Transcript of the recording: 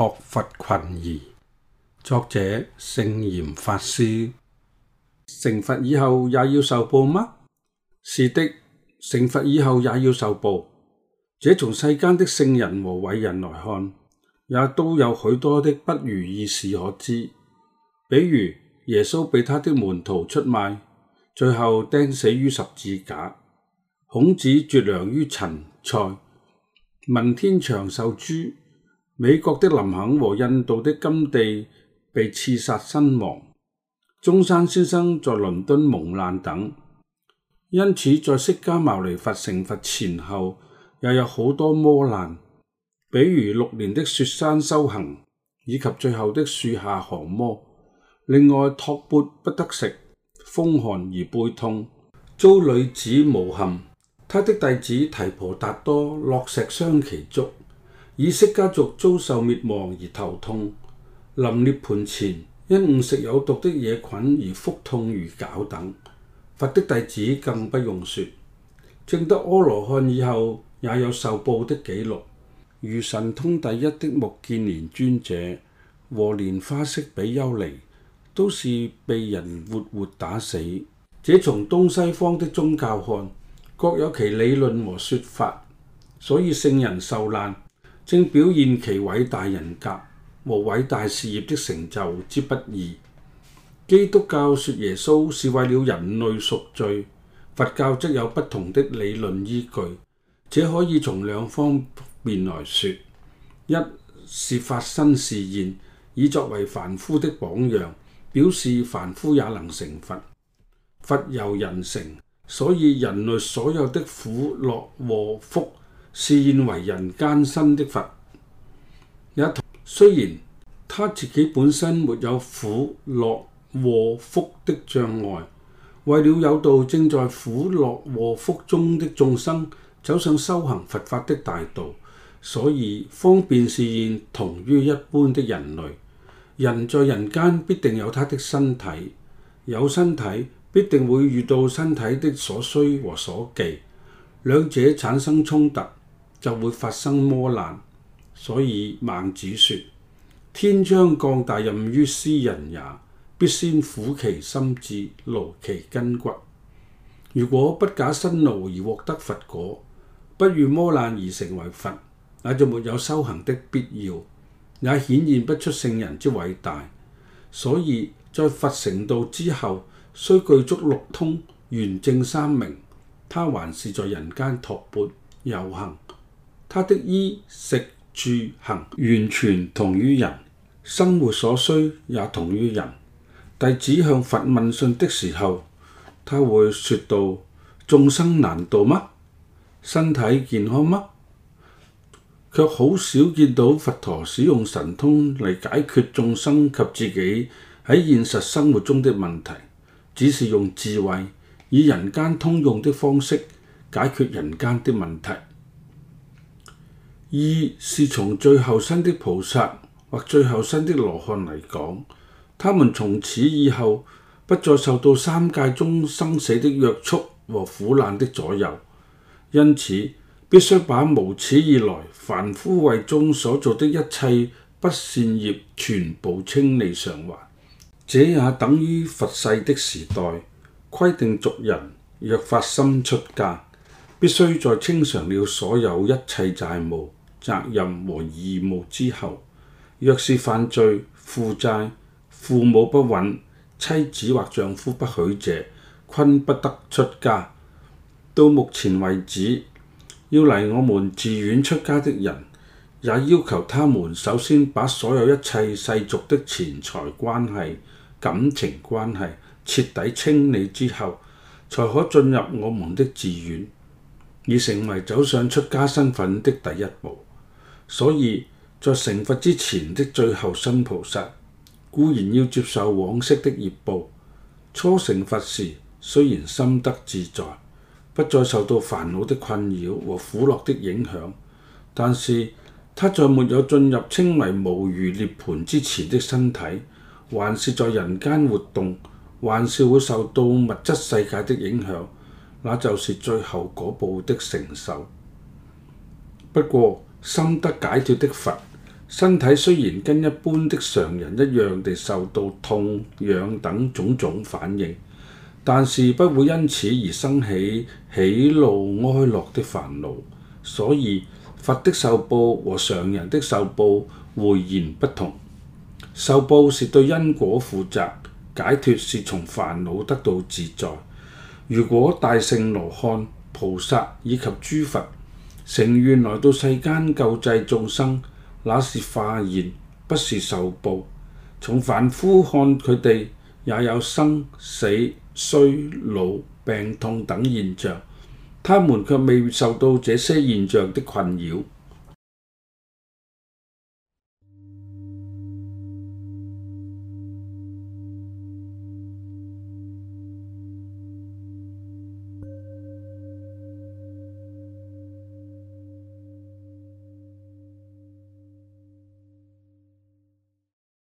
學佛群疑，作者聖嚴法師。成佛以後也要受報嗎？是的，成佛以後也要受報。這從世間的聖人和偉人來看，也都有許多的不如意事可知。比如耶穌被他的門徒出賣，最後釘死於十字架；孔子絕糧於陳蔡，文天祥受誅。美國的林肯和印度的甘地被刺殺身亡，中山先生在倫敦蒙難等，因此在釋迦牟尼佛成佛前後，又有好多磨難，比如六年的雪山修行，以及最後的樹下降魔。另外，托缽不得食，風寒而背痛，遭女子誣陷。他的弟子提婆達多落石傷其足。以色家族遭受滅亡而頭痛，臨涅槃前因誤食有毒的野菌而腹痛如絞等，佛的弟子更不用說。證得阿羅漢以後也有受報的記錄，如神通第一的目犍連尊者和蓮花色比丘尼都是被人活活打死。這從東西方的宗教看，各有其理論和說法，所以聖人受難，正表現其偉大人格和偉大事業的成就之不易。基督教説耶穌是為了人類贖罪，佛教則有不同的理論依據，且可以從兩方面來說：一是法身示現，以作為凡夫的榜樣，表示凡夫也能成佛，佛由人成，所以人類所有的苦樂和福。示現為人間身的佛，也雖然他自己本身沒有苦樂禍福的障礙，為了誘導正在苦樂禍福中的眾生，走上修行佛法的大道，所以方便示現同於一般的人類。人在人間必定有他的身體，有身體必定會遇到身體的所需和所忌，兩者產生衝突。就會發生魔難，所以孟子說：天將降大任於斯人也，必先苦其心志，勞其筋骨。如果不假辛勞而獲得佛果，不遇魔難而成為佛，那就沒有修行的必要，也顯現不出聖人之偉大。所以在佛成道之後，雖具足六通、圓正三明，他還是在人間托缽遊行。他的衣食住行完全同於人，生活所需也同於人。但指向佛問訊的時候，他會說道：眾生難度嗎？身體健康嗎？卻好少見到佛陀使用神通嚟解決眾生及自己喺現實生活中的問題，只是用智慧以人間通用的方式解決人間的問題。二是從最後生的菩薩或最後生的羅漢嚟講，他們從此以後不再受到三界中生死的約束和苦難的左右，因此必須把無始以來凡夫位中所做的一切不善業全部清理償還。這也等於佛世的時代規定俗人若發心出家，必須在清償了所有一切債務、責任和義務之後，若是犯罪負債、父母不允、妻子或丈夫不許者，均不得出家。到目前為止，要嚟我們寺院出家的人，也要求他們首先把所有一切世俗的錢財關係、感情關係徹底清理之後，才可進入我們的寺院，而成為走上出家身份的第一步。所以在成佛之前的最後身菩薩固然要接受往昔的業報。初成佛時，雖然心得自在，不再受到煩惱的困擾和苦樂的影響，但是他在沒有進入稱為無餘涅槃之前的身體，還是在人間活動，還是會受到物質世界的影響，那就是最後果報的承受。不過，心得解脫的佛，身體雖然跟一般的常人一樣地受到痛癢等種種反應，但是不會因此而生起喜怒哀樂的煩惱。所以佛的受報和常人的受報迥然不同。受報是對因果負責，解脫是從煩惱得到自在。如果大聖羅漢、菩薩以及諸佛，乘願來到世間救濟眾生，那是化現，不是受報。從凡夫看，佢哋也有生死、衰老、病痛等現象，他們卻未受到這些現象的困擾。